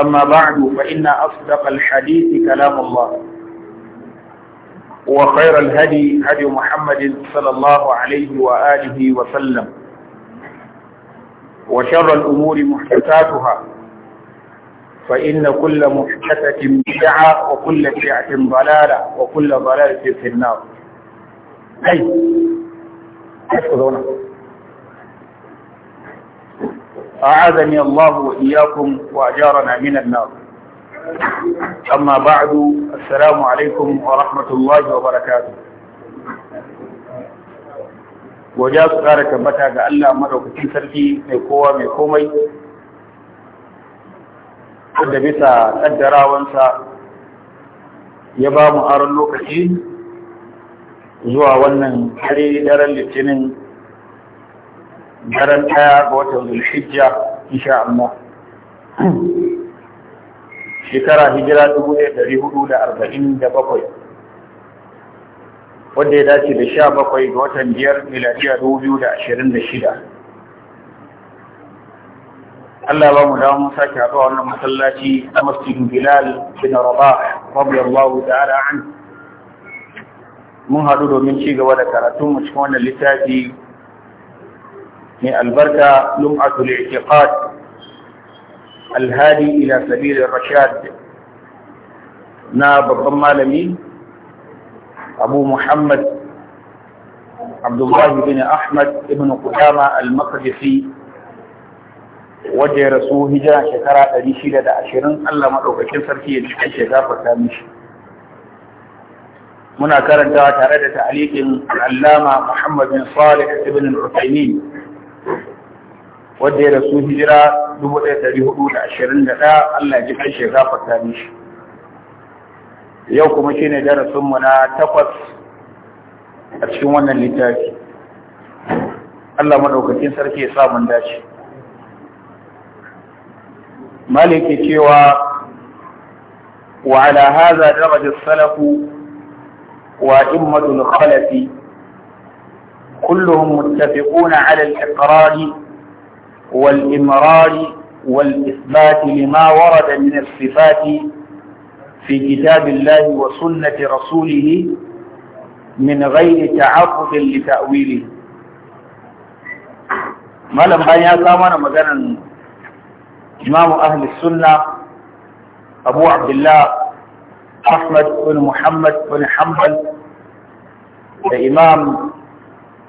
أما بعد فإن أصدق الحديث كلام الله وخير الهدي هدي محمد صلى الله عليه وآله وسلم وشر الأمور محدثاتها فإن كل محدثة بدعة وكل بدعة ضلالة وكل ضلالة في النار أي أشكرونه أعاذني الله وإياكم وأجارنا من النار أما بعد السلام عليكم ورحمة الله وبركاته wajen su ƙara tabbata ga Allah maɗaukacin sarki mai kowa mai komai da bisa ƙaddarawansa ya ba mu aron lokaci zuwa wannan kare daren litinin daren ɗaya ga watan zulhijja insha Allah shekara hijira dubu ɗaya ɗari hudu da arba'in da bakwai wanda ya dace da sha bakwai ga watan biyar miladiya dubu biyu da ashirin da shida Allah ba mu dawo mun sake haɗuwa wannan masallaci a masjidin Bilal bin Rabah radiyallahu ta'ala an mun haɗu domin ci gaba da karatun mu cikin wannan littafi من البركة لمعة الاعتقاد الهادي إلى سبيل الرشاد ناب الضمالمي أبو محمد عبد الله بن أحمد بن قدامة المقدسي waje rasu hijira shekara ɗari shida da ashirin Allah maɗaukakin sarki ya cikin shekara ta mishi. Muna karantawa tare da ta'alikin al'allama Muhammad bin Salih ibn al wanda ya rasu hijira 1421 Allah ji kan shi gafarta mishi yau kuma shine darasin mu na takwas a cikin wannan littafi Allah madaukakin sarki ya sa mun dace Maliki cewa wa ala hadha daraja salafu wa immatul khalafi كلهم متفقون على الإقرار والإمرار والإثبات لما ورد من الصفات في كتاب الله وسنة رسوله من غير تعرض لتأويله ما لم بايا كامانا مثلا إمام أهل السنة أبو عبد الله أحمد بن محمد بن حنبل الإمام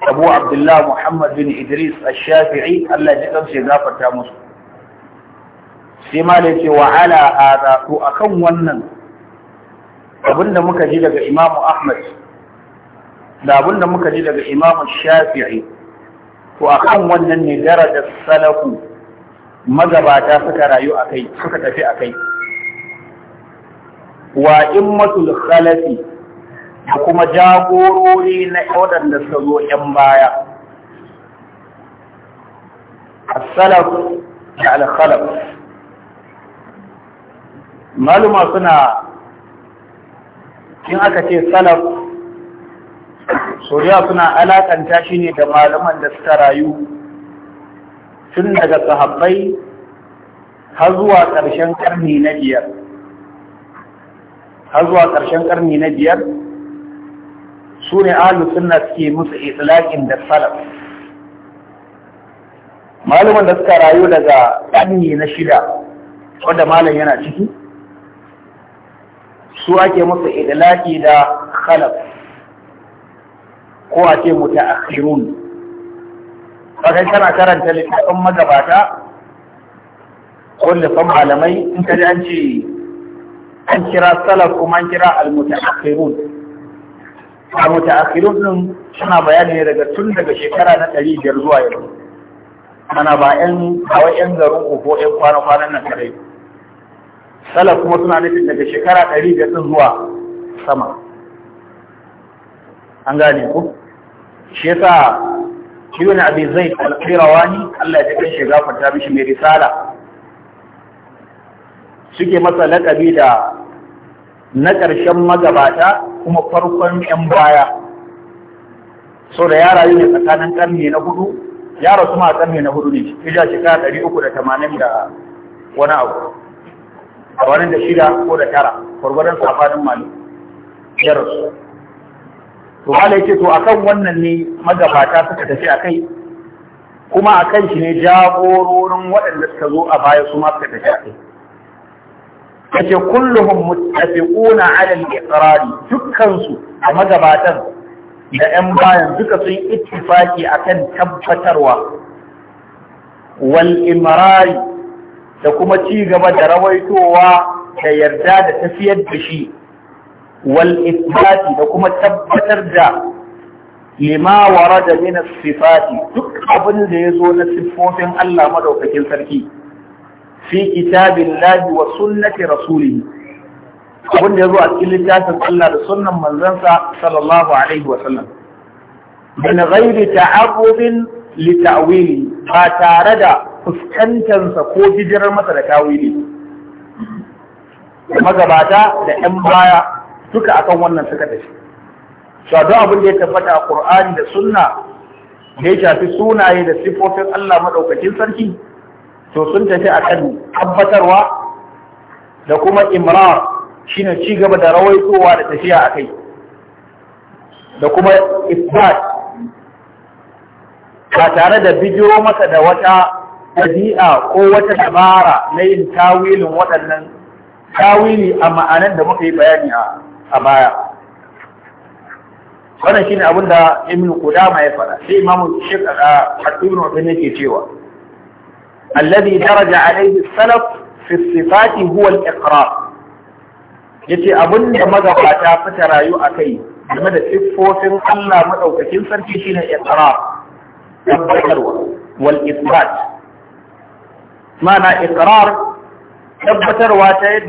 abu Abdullahi muhammad bin idris ash-shafi'i Allah ya kamshe gafarta musu sai ma da ce wa ala hada to akan wannan abinda muka ji daga Imam'u ahmad da abinda muka ji daga imam shafi'i to akan wannan ne darajar salafu magabata suka rayu akai suka tafi akai wa immatul khalafi da kuma jagorori na waɗanda suka zo ‘yan baya. Assalam da alkhalaf. Maluma suna in aka ce salaf, suriya suna alakanta shi ne da malaman da suka rayu tun daga sahabbai har zuwa ƙarshen ƙarni na biyar. Har zuwa ƙarshen ƙarni na biyar su ne ahlus sunna suke musu itlaqin da salaf malaman da suka rayu daga ƙarni na shida wanda malam yana ciki su ake musu itlaqi da khalaf ko a ce ƙasar kaga kana karanta littafin magabata wanda malamai in ji an ce an kira salaf kuma an kira al kirun. a mutaakhirun din suna bayani ne daga tun daga shekara na ɗari biyar zuwa yau mana ba ƴan hawa ƴan garin ku ko ƴan kwana-kwanan nan kadai salaf kuma suna nufin daga shekara ɗari biyar din zuwa sama an gane ku shi yasa ibn abi zai al ni Allah ya kai shiga fata mishi mai risala suke masa laƙabi da na ƙarshen magabata kuma farkon 'yan baya so da ya rayu ne tsakanin ƙarni na hudu ya rasu ma ƙarni na hudu ne hijira shekara ɗari uku da tamanin da wani abu tamanin da shida ko da tara gwargwadon safanin mali ya rasu to hala yake to akan wannan ne magabata suka tafi a kai kuma a kan shi ne jagororin waɗanda suka zo a baya su ma suka tafi a kai kace kulluhum muttafiquna ala al-iqrar dukkan a magabatan da 'yan bayan duka sun ittifaki akan tabbatarwa wal imrari da kuma ci gaba da rawaitowa da yarda da tafiyar da shi wal da kuma tabbatar da lima warada min as duk abin da yazo na siffofin Allah madaukakin sarki fi kitabin lahi wa sunnati rasulihi abin da ya zo a cikin littafin Allah da sunan manzansa sallallahu alaihi wa sallam min ghairi ta'arrudin li ta'wili ba tare da fuskantarsa ko jijirar masa da tawili magabata da 'yan baya duka akan wannan suka tafi shadu abin da ya tabbata a Qur'ani da sunna da ya shafi sunaye da sifofin Allah madaukakin sarki to sun tafi a kan tabbatarwa da kuma imrar shine ci gaba da rawaitowa da tafiya a kai da kuma isbat ba tare da bijiro masa da wata ɗabi'a ko wata dabara na yin tawilin waɗannan tawili a ma'anan da muka yi bayani a baya wannan shine abin da imin Qudama ya faɗa sai Imam Sheikh Ibn Uthaymeen yake cewa الذي درج عليه السلف في الصفات هو الإقرار يتي أبن مدفع تافت رايو أكي لماذا تفوت ألا مدوك تنفر في شيء الإقرار والإثبات معنى إقرار تبتر واتيد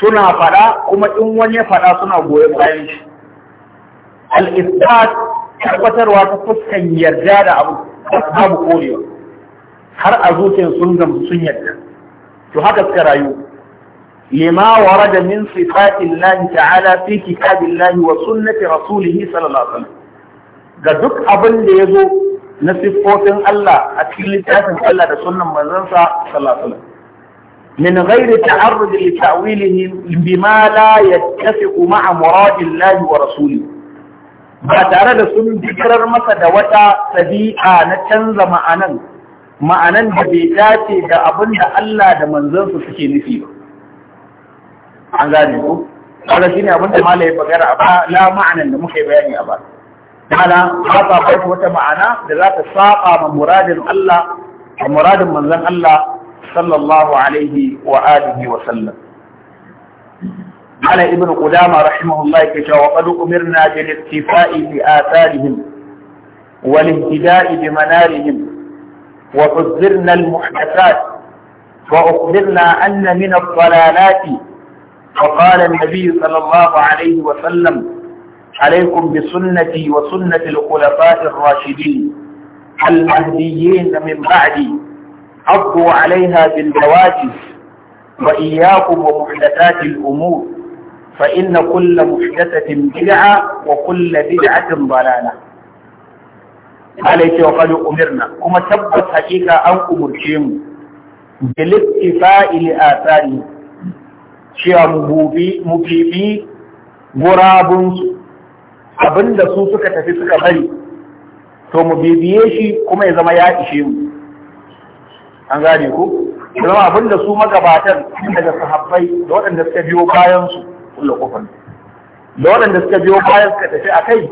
سنة فلا كما إموني فلا سنة بوي بغيش الإثبات تبتر واتفت كي يرجال أبو أصحاب قوليو har a zuciyar sun gamsu sun yadda to haka suka rayu lima warada min sifatillahi ta'ala fi kitabillahi wa sunnati rasulih sallallahu alaihi wasallam ga duk abin da ya zo na siffofin Allah a cikin littafin Allah da sunnan manzansa sallallahu alaihi wasallam من غير تعرض لتأويله بما لا يتفق مع مراد wa ورسوله ba tare da sun jikirar masa da wata sabi'a na canza ma'anan ma'anan da bai dace da abin da Allah da manzansu suke nufi ba an gane ko kaga shine abin da malai bagara ba la ma'anan da muka yi bayani a ba mana ba ta bai wata ma'ana da za ta saba ma muradin Allah da muradin manzan Allah sallallahu alaihi wa alihi wa sallam ibn على ابن قدامة رحمه الله كتا وقد أمرنا بالاقتفاء بآثارهم والاهتداء بمنارهم وحذرنا المحدثات وأخبرنا أن من الضلالات فقال النبي صلى الله عليه وسلم عليكم بسنتي وسنة الخلفاء الراشدين المهديين من بعدي عضوا عليها بالنواجذ وإياكم ومحدثات الأمور فإن كل محدثة بدعة وكل بدعة ضلالة ya yake wa qad umirna kuma tabbas hakika an umurce mu bil ittifa'i li athari cewa mu mubibi gurabun su abinda su suka tafi suka bari to mu bibiye shi kuma ya zama ya ishe mu an gane ku zama abinda su magabatan daga sahabbai da waɗanda suka biyo bayan su kullu kufan da waɗanda suka biyo bayan suka tafi akai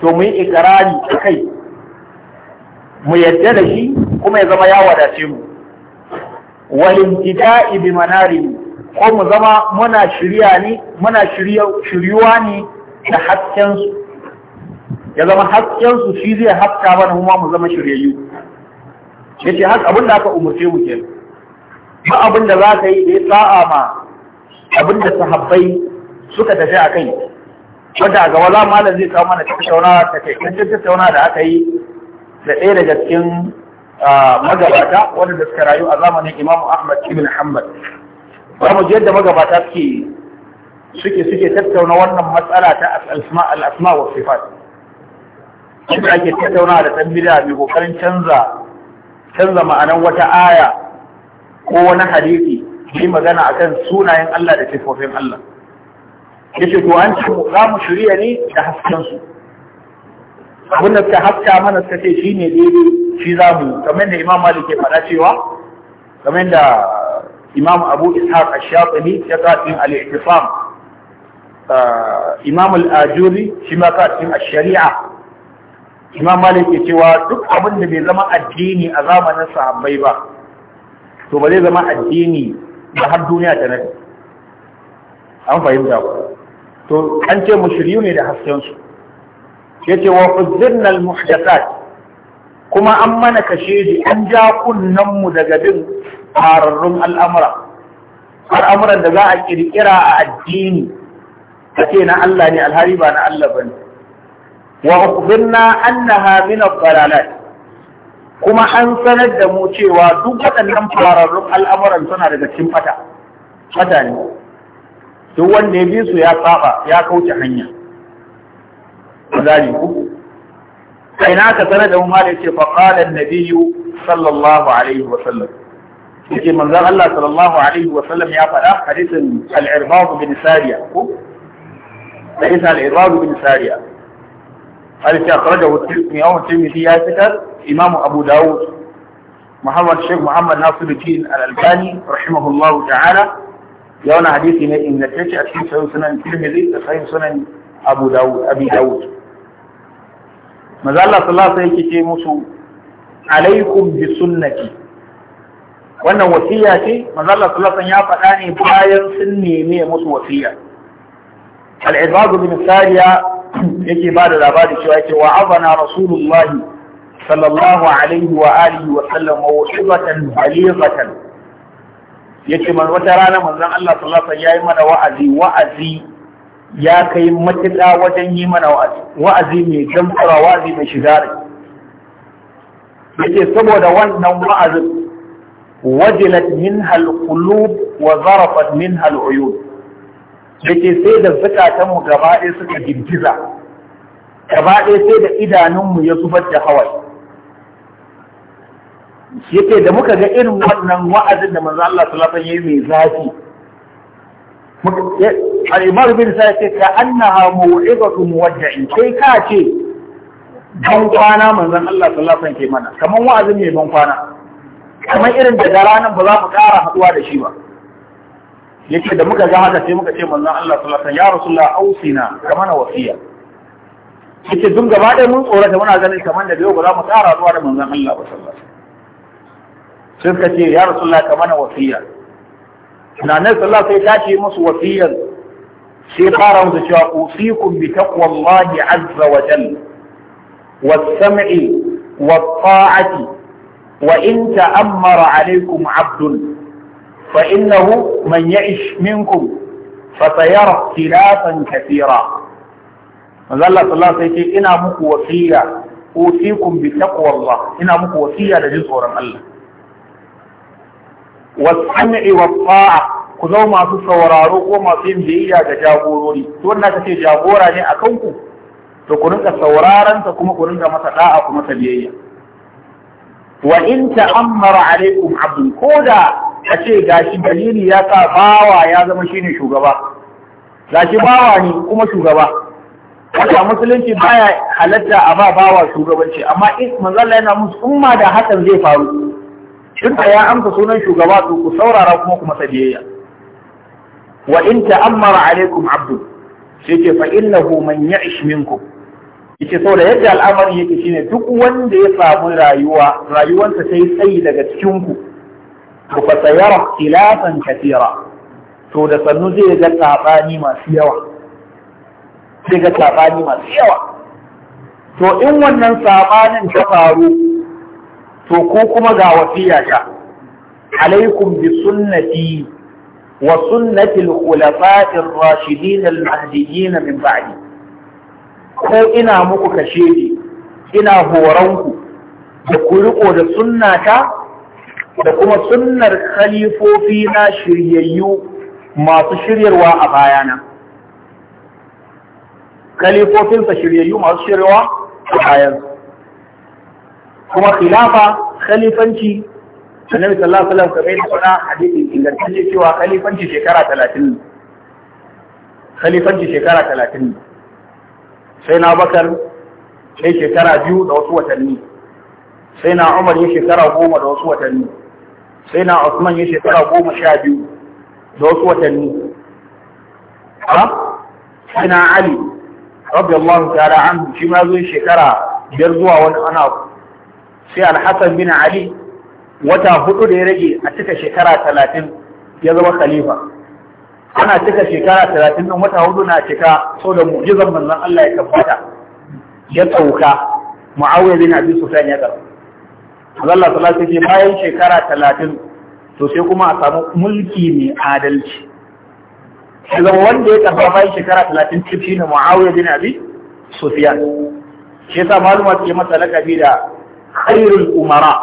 to mu yi ikrari akai mu yadda da shi kuma ya zama ya wadace mu walimtida'i bi manari ko mu zama muna shirya ne muna shiryuwa ne da hasken su ya zama hasken su shi zai haska na kuma mu zama shiryayyu yace haka abin da aka umurce mu ke ba abin da za ka yi da ya sa'a ma abin da sahabbai suka tafi a kai wanda a gaba za mu malam zai kawo mana tattaunawa ta kai kan tattaunawa da aka yi da ɗaya daga cikin magabata wanda suka rayu a zamanin Imam Ahmad ibn Hanbal ba mu yadda magabata suke suke suke tattauna wannan matsala ta al'asma asma wa sifat shi ake tattauna da tambida mai kokarin canza canza ma'anan wata aya ko wani hadisi yi magana akan sunayen Allah da sifofin Allah yace to an ce za mu shirya ne da hasken su abin da suka haska mana suka ce shi ne daidai shi za mu kamar da imam malik ya faɗa cewa kamar da imam abu ishaq ash-shafi'i ya ka tin al-i'tisam uh, imam al-ajuri shi ma ka cikin ash-shari'a imam malik ya cewa duk abin da bai zama addini a zamanin sahabbai ba to ba zai zama addini da har duniya ta nake an fahimta ku to an ce mushriyu ne da hasken su ce wa uzirna almuhdathat kuma an mana kashe an ja kunnan mu daga bin fararrun al'amura al'amuran da za a kirkira a addini ce na Allah ne alhari ba na Allah bane wa ukhbirna annaha min ad-dalalat kuma an sanar da mu cewa duk waɗannan fararrun al'amuran suna daga cikin fata fata ne duk wanda ya bi su ya saba ya kauce hanya gane ku kai na ka sanar da mu da yace fa qala an-nabiy sallallahu alaihi wa sallam yace manzon Allah sallallahu alaihi wa sallam ya faɗa hadisin al-irbad bin sariya ko hadis al-irbad bin sariya hadis ya kharaja wa tirmidhi wa tirmidhi ya fitar imam abu dawud محمد الشيخ محمد ناصر الدين الألباني رحمه الله تعالى يونا حديثي إن نتيجة أتحيث سنن الترمذي صحيح سنن أبو داود أبي داود maza Allah sallallahu alaihi ce musu alaikum bi sunnati wannan wasiya ce maza Allah sallallahu alaihi ya faɗa ne bayan sun neme musu wasiya al-ibad bin sariya yake ba da labari cewa yake wa azana rasulullah sallallahu alaihi wa alihi wa sallam mawu'izatan balighatan yace man wata rana manzon Allah sallallahu alaihi ya yi mana wa'azi wa'azi ya kai matuƙa wajen yi mana wa'azi mai gamsara wa'azi mai shiga da yake saboda wannan wa'azin wajilat min halqulub wa zarafat min haluyub yake sai da zukatanmu gabaɗe suka girgiza gabaɗe sai da idanunmu ya zubar da hawaye yake da muka ga irin wannan wa'azin da manzo Allah sallallahu alaihi mai zafi al'imar bin sa ce ka annaha wajen in kai ka ce ban kwana manzan Allah sallallahu ke mana kamar wa'azin mai ban kwana kamar irin da nan ba za mu ƙara haɗuwa da shi ba yake da muka ga haka sai muka ce manzan Allah sallallahu ya rasulullah ausina kamar na wasiya yake dun gaba ɗaya mun tsorata muna ganin kamar da biyu ba za mu ƙara haɗuwa da manzan Allah ba sallallahu alaihi sai suka ce ya rasulullah kamar na wasiya da nan sallah sai ta ce musu wasiyar sai fara musu cewa usikum bi taqwallahi azza wa jalla was-sam'i wat-ta'ati wa in ta'ammara alaykum 'abdun fa innahu man ya'ish minkum فسيرى اختلافا كثيرا manzo Allah sallallahu alaihi wasallam ina muku wasiya usikum bi taqwallah ina muku wasiya da jin tsoron Allah wasam'i wa ta'a ku zama masu sauraro ko masu yin biyayya ga jagorori to wannan kace jagora ne akan ku to ku rinka sauraron kuma ku rinka masa da'a kuma ta biyayya wa in ta'ammara alaikum abdun koda a ce gashi dalili ya sa bawa ya zama shine shugaba gashi bawa ne kuma shugaba Wata musulunci baya halatta a ba bawa shugabanci amma in manzalla yana musu umma da hakan zai faru tunda ya amsa sunan shugaba to ku saurara kuma ku masa biyayya wa in ta'ammara alaikum abdu sai ce fa innahu man ya'ish minkum yace saboda yadda al'amari yake shine duk wanda ya samu rayuwa rayuwarsa ta yi tsayi daga cikin ku to fa sayara ikhtilafan katira to da sannu zai ga sabani masu yawa zai ga sabani masu yawa to in wannan sabanin ta faru to ko kuma ga wasiya ta alaikum bi sunnati wa sunnati al-khulafa'i ar-rashidin al-mahdiyyin min ba'di ko ina muku kashedi ina horonku da ku riko da sunnata da kuma sunnar khalifofi na shiryayyu masu shiryarwa a bayana khalifofinsa shiryayyu masu shiryarwa a bayansa kuma khilafa khalifanci annabi sallallahu alaihi wasallam kamar yadda hadisin ingantacce cewa khalifanci shekara talatin khalifanci shekara talatin sai na bakar sai shekara biyu da wasu watanni sai na umar ya shekara goma da wasu watanni sai na usman ya shekara goma sha biyu da wasu watanni ha sai na ali rabbi allah ta'ala an shi ma zo shekara biyar zuwa wani ana sai alhassan bin ali wata hudu da ya rage a cika shekara talatin ya zama khalifa ana cika shekara talatin ɗin wata hudu na cika so da mu'jizan manzon Allah ya tabbata ya tsauka mu'awiyar bin abi sufyan ya karɓa Allah sallallahu alaihi bayan shekara talatin to sai kuma a samu mulki mai adalci sai zama wanda ya karɓa bayan shekara talatin shi ne mu'awiyar bin abi sufyan shi yasa maluma ke masa lakabi da khairul umara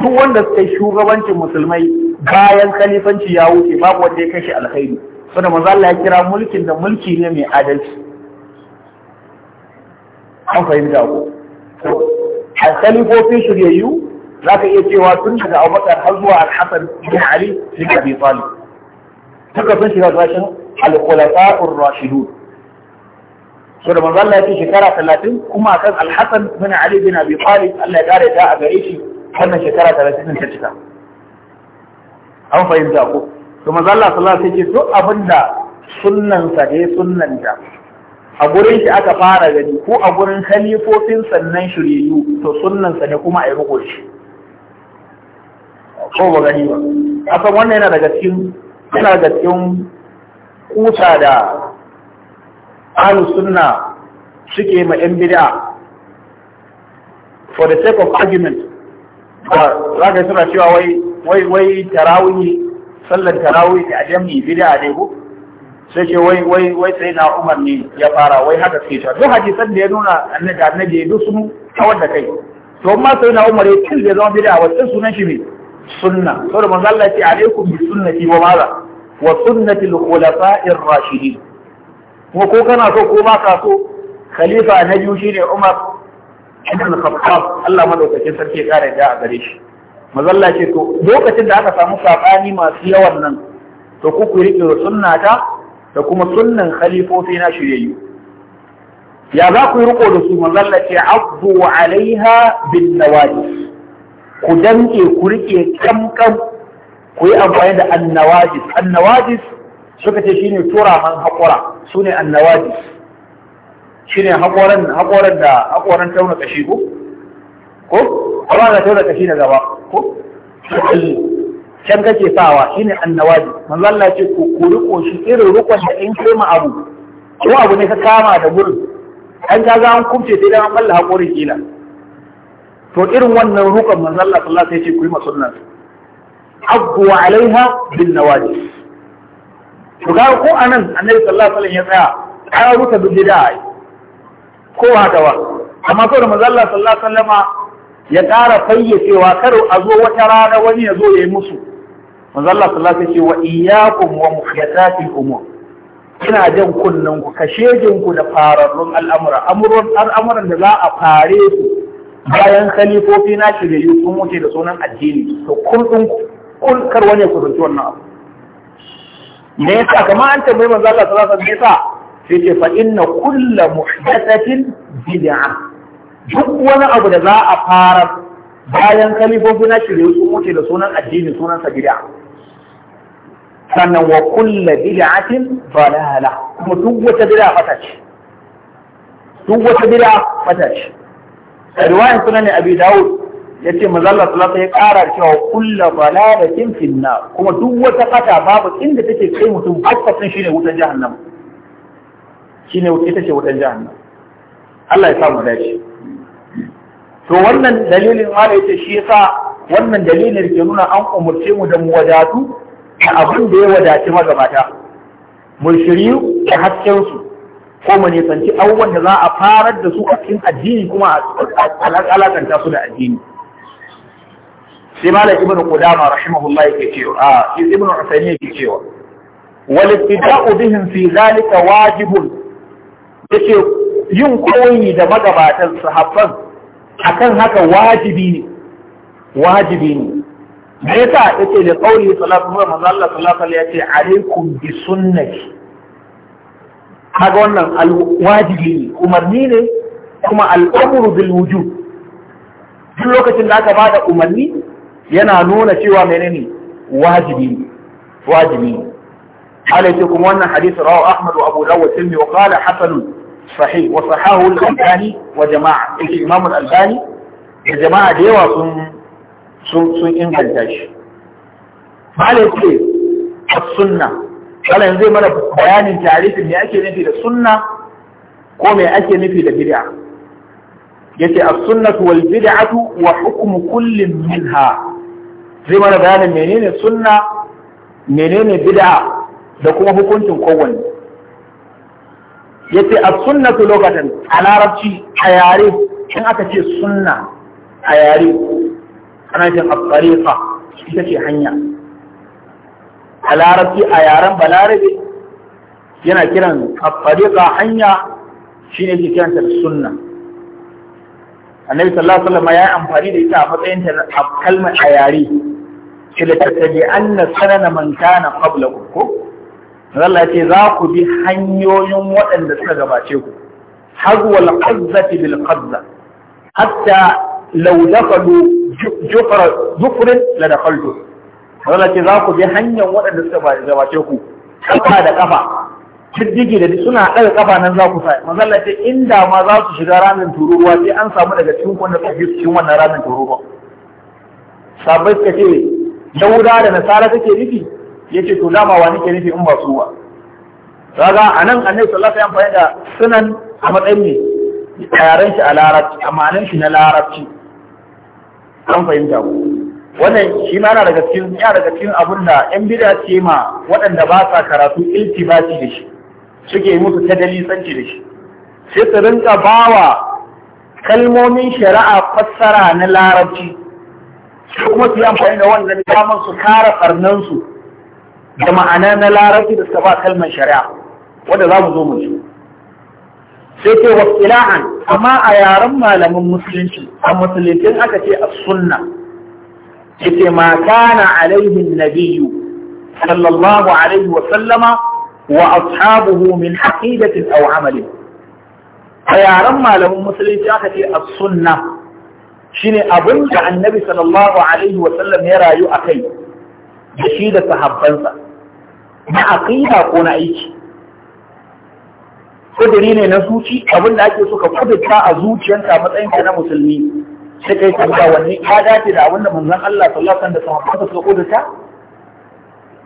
duk wanda suka shugabancin musulmai bayan khalifanci ya wuce babu wanda ya kashe alkhairi saboda manzo Allah ya kira mulkin da mulki ne mai adalci an fahimta ko a khalifofin shiryayyu za ka iya cewa tun daga Abubakar har zuwa Al-Hasan bin Ali bin Abi Talib suka sun shiga gashin al-khulafa'ur rashidun so da manzo Allah ya ce shekara talatin kuma akan Al-Hasan bin Ali bin Abi Talib Allah ya kare ta a gare shi wannan shekara talatin ta cika an fahimta ko to manzo Allah sallallahu alaihi wasallam ya ce duk abinda sunnan sa dai sunnan ta a gurin shi aka fara gani ko a gurin khalifofin sannan shiriyu to sunnan sa ne kuma a yi riko shi ko ba gani ba san wannan yana daga cikin yana daga cikin kusa da ahlu sunna suke ma yan bid'a for the sake of argument za ka suna cewa wai wai wai tarawih sallan tarawih a jami'i bid'a ne ko sai ce wai wai wai sai na Umar ne ya fara wai haka suke ta. duk hadisan da ya nuna annabi annabi duk sun kawar da kai to amma sai na Umar ya kin zai zama bid'a wacce sunan shi ne sunna saboda manzo Allah ya ce alaikum bi sunnati wa maza wa sunnati al-khulafa'ir rashidin kuma ko kana so ko ba ka so khalifa na biyu shine Umar ibn Khattab Allah madaukakin sarki ya kare da a gare shi mazalla ce to lokacin da aka samu sabani masu yawan nan to ku ku rike sunnata da kuma sunnan khalifofi na shiryayyu ya za ku yi riko da su mazalla ce abdu alaiha bin nawajis ku danke ku rike kamkam ku yi amfani da annawajis annawajis suka ce shine turaman haƙura, su ne annawaji Shi ne haƙoran da haƙoran tauna kashi ko ko kuma da tauna ƙashi na gaba ko can kake sawa Shi ne annawaji manzo Allah ce ku ku riko irin rukon da in kai abu ko abu ne ka kama da gurin an ka ga an kumce sai dan an balla haƙorin kila to irin wannan rukon manzo Allah sallallahu alaihi wasallam ce ku yi masunnan abdu alaiha bin nawaji to ga ko anan annabi sallallahu alaihi wasallam ya tsaya ka ruta bid'a ai ko haka ba amma ko da manzo Allah sallallahu alaihi wasallama ya ƙara fayyacewa kar a zo wata rana wani ya zo ya yi musu manzo Allah sallallahu alaihi wasallam ya ce wa iyyakum wa muhyatatil umur ina jan kunnen ku kashejin ku da fararrun al'amura al'amuran da za a fare su bayan khalifofi na shirye sun wuce da sunan addini to kun kar wani ku zanci wannan abu me yasa kamar an tambayi manzo Allah sallallahu alaihi wasallam yasa sai ce fa inna kullu muhdathatin bid'a duk wani abu da za a fara bayan kalifofi na shirye su mutu da sunan addini sunan sa bid'a sannan wa kullu bid'atin dalala kuma duk wata bid'a fata ce duk wata bid'a fata ce riwayan sunan Abi Dawud ya ce mazalla salata ya kara cewa kulla da finna kuma duk wata kata babu inda take kai mutum hakkatin shine wutan jahannama shine ita ce wutan jahannama Allah ya sa mu dace to wannan dalilin ma yace shi yasa wannan dalilin ke nuna an umurce mu da mu wadatu ta abin da ya wadaci magabata Mun shiryu da hasken su ko yi sanci abubuwan da za a farar da su a cikin addini kuma a alakanta su da addini سمال ابن قدامى رحمه الله كتير آه ابن عثمين كتير والابتداء بهم في ذلك واجب يكي ينقوي إذا ما قبعت الصحابة أكن هكا واجبين واجبين ميتا إتي لقوله صلى الله عليه وسلم صلى الله عليه وسلم عليكم بسنة هذا الواجبين أمرنين كما الأمر بالوجود كل وقت لا تبعد أمرنين yana nuna cewa menene wajibi wajibi halaye kuma wannan hadisi rawu ahmad wa abu dawud tilmi wa qala hasan sahih wa sahahu al-albani wa jama'a imam al-albani da jama'a da yawa sun sun sun inganta shi halaye ce as-sunna kala yanzu zai mana bayanin tarihin me ake nufi da sunna ko me ake nufi da bid'a yace as-sunnatu wal bid'atu wa hukmu kullin minha zai mana bayanin menene sunna menene bid'a da kuma hukuncin kowanne yace a sunnatu lokatan a larabci a yare in aka ce sunna a yare ana jin as ita ce hanya a larabci a yaren balarabe yana kiran tsarefa hanya hanya shine ke kiran sunna annabi sallallahu alaihi wasallam ya yi amfani da ita a matsayin ta kalmar a yare ce da tattabi anna sanana man kana ko Allah ce za ku bi hanyoyin waɗanda suka gabace ku hazwal qazzati bil qazza hatta law dakhalu jufra zufrin la dakhaltu Allah ce za ku bi hanyoyin waɗanda suka gabace ku kafa da kafa ciddigi da suna ɗaga kafa nan za ku sa manzo Allah ce inda ma za su shiga ramin tururuwa sai an samu daga cikin wanda su cikin wannan ramin tururuwa sabai suka ce yahuda da nasara take nufi yace to dama wa nake nufi in ba su ba kaga anan annabi sallallahu alaihi wasallam da sunan a matsayin ne yaren shi a larabci amanan shi na larabci an fahimta ku wannan shi ma yana daga cikin yana daga cikin abin da yan bid'a ce ma waɗanda ba sa karatu iltibati da shi suke musu tadali tsanci da shi sai su rinka bawa kalmomin shari'a fassara na larabci kuma su yi amfani da wannan damar su kara farnansu da ma'ana na larabci da suka ba kalmar shari'a wanda za mu zo mu ji sai ce wa ilahan amma a yaren malamin musulunci a musulunci aka ce a sunna yace ma kana alaihi nabiyyu sallallahu alaihi wa sallama wa ashabuhu min aqidatin aw amalin a yaren malamin musulunci aka ce a sunna shine abin da annabi sallallahu alaihi wa sallam ya rayu a kai da shi da sahabbansa na aqida ko na aiki kudiri ne na zuci abin da ake so ka kudurta a zuciyarka matsayin ka na musulmi sai kai tambaya wanne ya dace da abin da manzon Allah sallallahu alaihi wa sallam da suka kudurta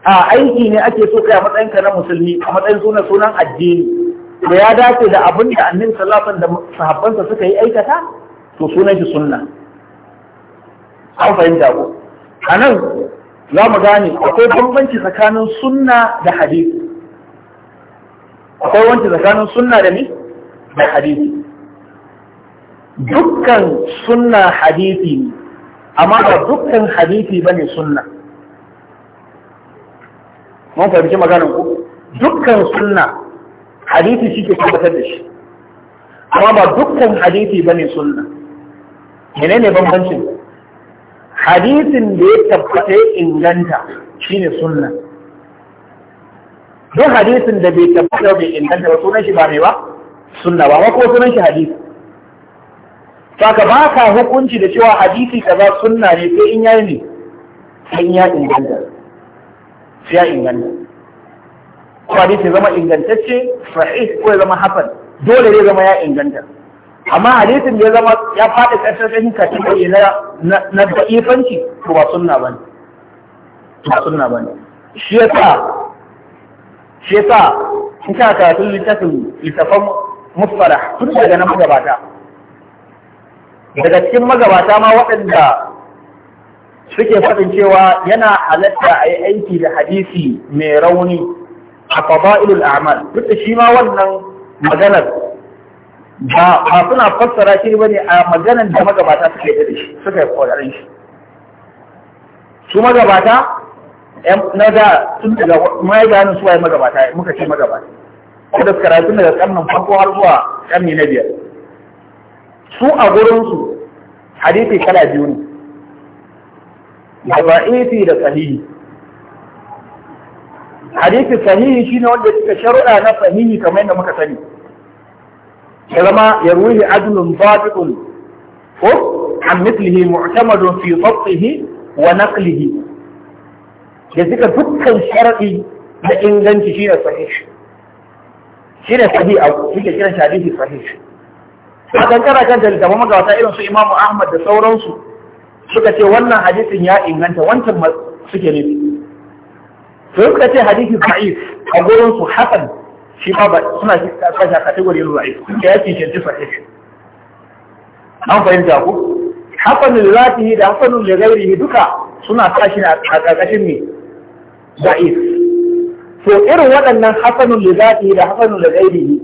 a aiki ne ake so kai a matsayin ka na musulmi a matsayin sunan sunan addini da ya dace da abin da annabi sallallahu alaihi wa sallam da sahabbansa suka yi aikata to sunan shi sunna an fahimta ko a nan za mu gane akwai bambanci tsakanin sunna da hadisi akwai wanci tsakanin sunna da ni da hadisi dukkan sunna hadisi ne amma ba dukkan hadisi ba ne sunna mun fahimci maganin ku dukkan sunna hadisi shi ke tabbatar da shi amma ba dukkan hadisi ba ne sunna menene bambancin hadisin da ya tabbata ya inganta shine sunna duk hadisin da bai tabbata bai inganta ba sunan shi ba mai ba sunna ba ko sunan shi hadisi saka ba ka hukunci da cewa hadisi kaza sunna ne sai in yayi ne sai ya inganta sai ya inganta ko hadisi zama ingantacce sahih ko ya zama hasan dole ne zama ya inganta amma hadisin da ya zama ya faɗi ƙarƙashin kategori na na da'ifanci to ba sunna ne ba sunna ne shi sa shi sa in ka karatun littafin littafan mufara tun daga na magabata daga cikin magabata ma waɗanda suke faɗin cewa yana halatta a yi aiki da hadisi mai rauni a fada'ilul a'mal duk da shi ma wannan maganar ba ba suna fassara shi bane a maganar da magabata suka yi da shi suka yi kokarin shi su magabata na da tun daga mai ganin su magabata muka ce magabata ko da karatu daga karnin farko har zuwa karni na biyar su a gurin su hadisi kala biyu ne da ba'ifi da sahihi hadisi sahihi shine wanda suka sharuɗa na sahihi kamar yadda muka sani ya zama ya ruhi adlun fadidun ko an mislihi mu'tamadun fi tsatsihi wa naqlihi ya zika dukkan sharadi na inganci shine sahih shine sahih a shike kiran hadisi sahih a kankara kan dalilta magabata irin su imamu ahmad da sauransu suka ce wannan hadisin ya inganta wancan suke nufi suka ce hadisi sa'if a gurinsu Hassan. shi ba suna shi kashi a yin ra'ayi da ya cancanci sahihi an fahimta ku hafanul latihi da hafanul lagairihi duka suna kashi a kakashin ne da'if to irin waɗannan hafanul latihi da hafanul lagairihi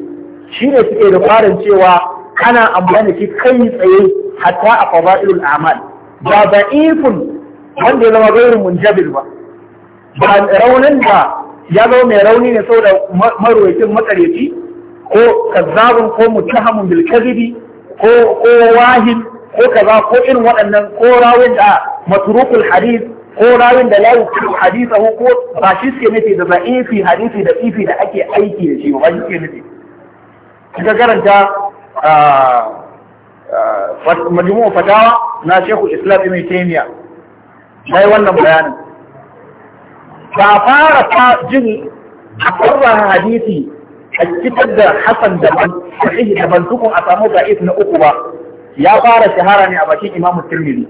shi ne suke da farin cewa ana amfani shi kai tsaye hatta a fada'ilul amal ba da'ifun wanda ya zama gairin munjabil ba ba raunin da ya zama mai rauni ne saboda marwakin makareci ko kazzabun ko mutahamun bilkazibi ko ko wahin ko kaza ko irin waɗannan ko rawin da matrukul hadith ko rawin da la yukiru hadithahu ko ba shi suke nufi da za'ifi hadisi da ifi da ake aiki da shi ba shi suke nufi kika karanta majmu'u fatawa na Shehu Islam Ibn Taymiyyah bai wannan bayanin ba fara ta jin a farra hadisi a cikin da hasan da ban sahihi da ban tukun a samu da'if na uku ba ya fara shahara ne a bakin Imam Tirmidhi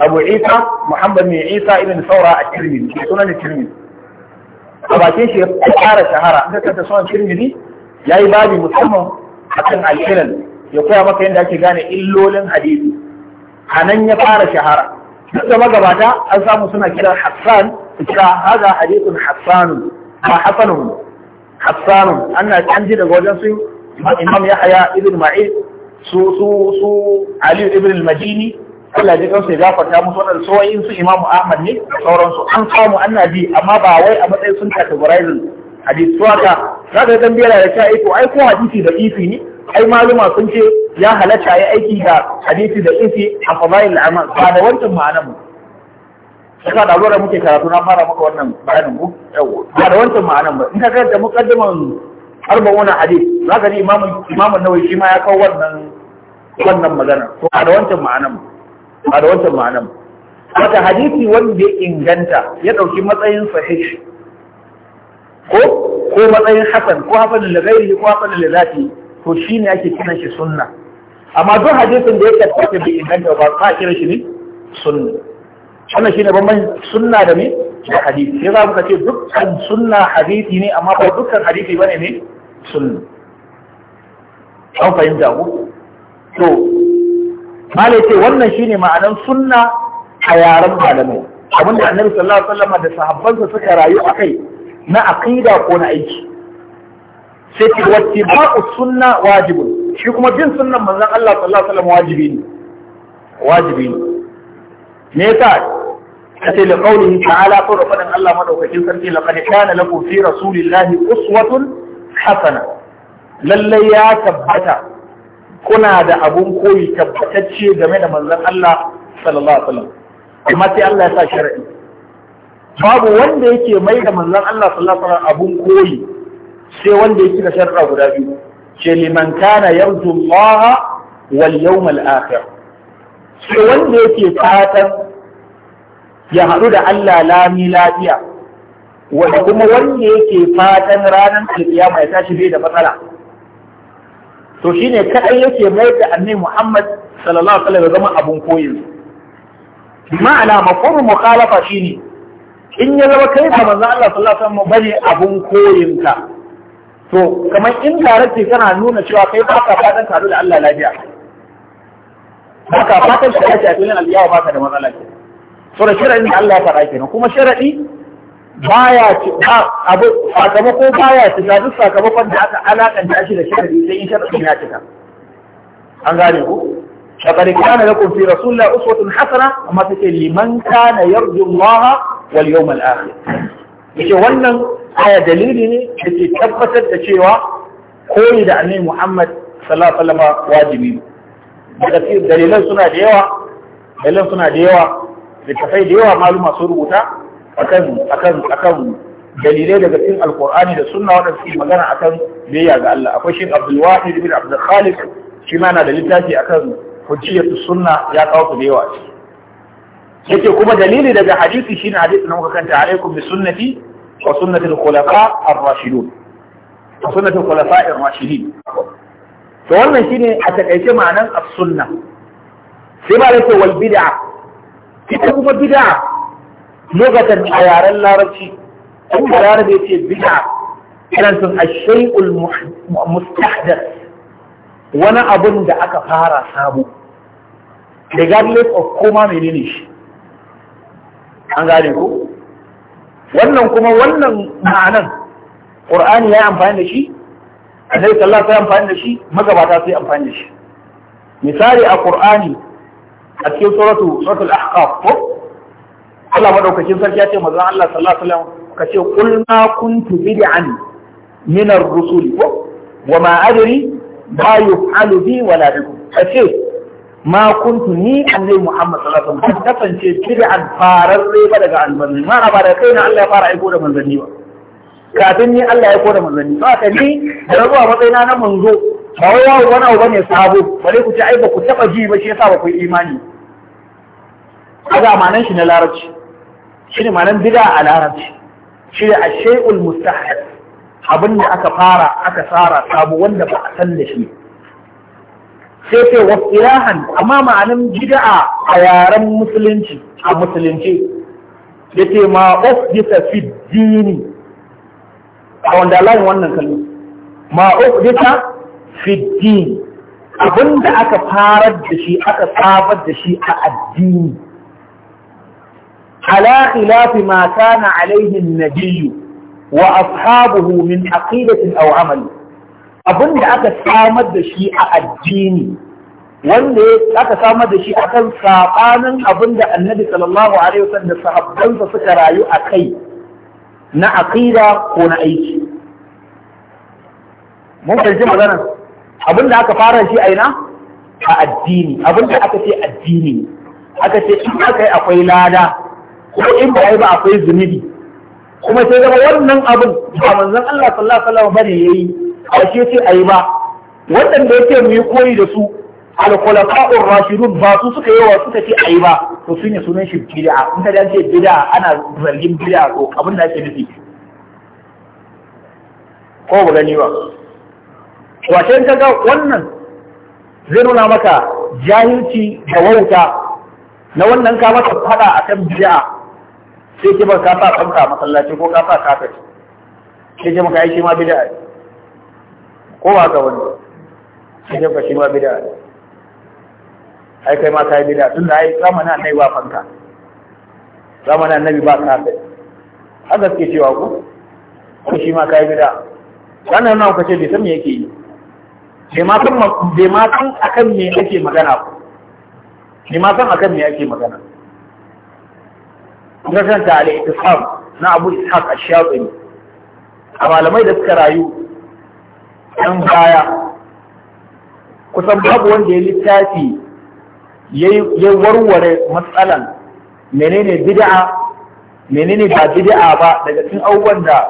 Abu Isa Muhammad bin Isa ibn Saura a Tirmidhi sunan Tirmidhi a bakin shi ya fara shahara da kanta sunan Tirmidhi yayi babi musamman akan al-ilal ya koya maka yadda ake gane illolin hadisi a nan ya fara shahara duk da magabata an samu suna kiran Hassan هذا حديث حسان حسن حسان daga wajen لغوجان سو إمام يحيى ابن معيد سو سو سو علي ابن Madini, Allah ya kansu ya gafarta musu wannan sauyin su Imam Ahmad ne da sauransu an samu annabi amma ba wai a matsayin sun categorize hadisi to haka za dan da cewa ko ai ko hadisi da ifi ne ai maluma sun ce ya halatta yi aiki da hadisi da ifi a fadail al-amal ba da wancan ma'anar mu yasa da zuwa muke karatu na fara maka wannan bayanin ku ba da wancan ma'anan ba in ka karanta kaddaman arba'una hadith ka ji imamu imamu nawawi shi ma ya kawo wannan wannan magana to ba da wancan ma'anan ba da wancan ma'anan ba. wata hadisi wanda ya inganta ya ɗauki matsayin sahih ko ko matsayin hasan ko hasan da gairi ko hasan da Zafi, to shine ake kiran shi sunna amma duk hadisin da ya tabbata bai inganta ba ka kira shi ne sunna wannan shine bambanci sunna da me da hadisi sai za mu ce dukkan sunna hadisi ne amma ba dukkan hadisi bane ne sunna an fahimta ku to malai ce wannan shine ma'anan sunna a yaren malamai Abin da annabi sallallahu alaihi wasallam da sahabbansa suka rayu a kai na aqida ko na aiki sai ce wattiba'u sunna wajibun shi kuma bin sunnan manzon Allah sallallahu alaihi wasallam wajibi ne wajibi ne me yasa kace da qaulihi ta'ala ko da faɗin Allah madaukakin sarki laqad kana lakum fi rasulillahi uswatun hasana lallai ya tabbata kuna da abun koyi tabbatacce game da manzon Allah sallallahu alaihi wasallam amma sai Allah ya sa shar'i babu wanda yake mai da manzon Allah sallallahu alaihi wasallam abun koyi sai wanda yake da shar'a guda biyu ce liman kana yarju Allah wal yawmal akhir sai wanda yake fatan ya haɗu da Allah lami lafiya wanda kuma wanda yake fatan ranar alƙiyama mai tashi bai da matsala to shine kaɗai yake mayar da annabi Muhammad sallallahu alaihi wasallam zama abun koyin ma'ana mafhumul mukhalafa shine in ya zama kai ba manzo Allah sallallahu alaihi wasallam bane abun koyin ka to kamar in ce kana nuna cewa kai ba ka fatan ka da Allah lafiya ba ka fatan ka tashi a cikin alƙiyama ba ka da matsala saboda sharaɗin da Allah ya faɗa kenan kuma sharaɗi baya ci abu sakamako baya ci Na duk sakamakon da aka alakanta shi da sharaɗi sai in sharaɗin ya cika an gane ku فقد كان لكم في رسول الله أسوة حسنة أما تقول لمن كان يرجو الله واليوم الآخر yake wannan aya dalili ne da ke tabbatar da cewa koyi da annabi Muhammad sallallahu alaihi wajibi daga cikin da yawa littafai da yawa maluma sun rubuta akan akan akan dalilai daga cikin alqur'ani da sunna wanda suke magana akan biyayya ga Allah akwai shi Abdul Wahid ibn Abdul Khaliq shi ma na da littafi akan hujjiyatu sunna ya kawo da yawa yake kuma dalili daga hadisi shine hadisi na muka kanta alaikum bi sunnati wa sunnati al-khulafa ar-rashidun wa sunnati al-khulafa ar-rashidin to wannan shine a takaice ma'anar as-sunna sai ba da wal bid'a ita kuma bid'a lokacin a yaren larabci in da larabe ce bid'a irin sun ashai'ul mustahdar wani abun da aka fara sabo regardless of koma menene shi an gane ko wannan kuma wannan ma'anan qur'ani ya amfani da shi a sai alaihi wasallam amfani da shi magabata sai amfani da shi misali a qur'ani a cikin suratu suratul ahqaf ko Allah madaukakin sarki ya ce manzon Allah sallallahu alaihi wasallam ka ce qul ma kuntu bid'an min ar-rusul ko wa ma adri ma yuf'alu bi wala bikum ka ce ma kuntu ni annabi Muhammad sallallahu alaihi wasallam kasance bid'an fararre ba daga almanni ma ba da kaina Allah ya fara aiko da manzanni ba kafin ni Allah ya koda manzanni ba ka ni da zuwa matsayina na manzo ba wai yawo wani abu bane sabo bare ku ce ai ba ku taba ji ba shi yasa ba ku imani kaza manan shi na larabci shi ne manan bida a larabci shi ne a shay'ul mustahab abin da aka fara aka tsara sabu wanda ba a san da shi sai sai wasu ilahan amma ma'anin bid'a a yaren musulunci a musulunci ke ma usdita fi dini a wanda layin wannan kallo ma of usdita fi dini abinda aka farar da shi aka tsabar da shi a addini ala khilafi ma kana alaihi nabiyyu wa ashabuhu min aqidatin aw amali abin da aka samar da shi a addini wanda aka samar da shi akan sabanin abin da annabi sallallahu alaihi wasallam da sahabbansa suka rayu a kai na aƙida ko na aiki mun fahimci magana abin da aka fara shi a ina a addini abin da aka ce addini aka ce in aka yi akwai lada ko in ba ba akwai zunubi kuma sai zama wannan abin ba manzon Allah sallallahu alaihi wasallam bane yayi a shi ce ayi ba waɗanda yake mu yi koyi da su al-khulafa'ur rashidun ba su suka yi wa suka ce ayi ba to yi sunan shi bid'a in ka ce bid'a ana zargin bid'a to abin da ake nufi ko ba gani ba wace in ga wannan zai nuna maka jahilci da wauta na wannan ka maka fada akan bid'a sai ke baka sa kanka a masallaci ko ka sa kafet sai ke maka aiki ma bid'a ko ba ka wani sai ke baka shi ma bid'a ai kai ma kai bid'a tunda ai zamanin annabi ba fanka zamanin annabi ba kafet haka gaske cewa ku ko shi ma kai bid'a wannan nan kace bai san me yake yi bai ma san bai ma san akan me yake magana ko bai ma san akan me yake magana ga kanta al na Abu Ishaq Ash-Shafi'i a malamai da suka rayu ɗan baya kusan babu wanda ya littafi ya warware matsalan menene bid'a menene ba bid'a ba daga cikin abubuwan da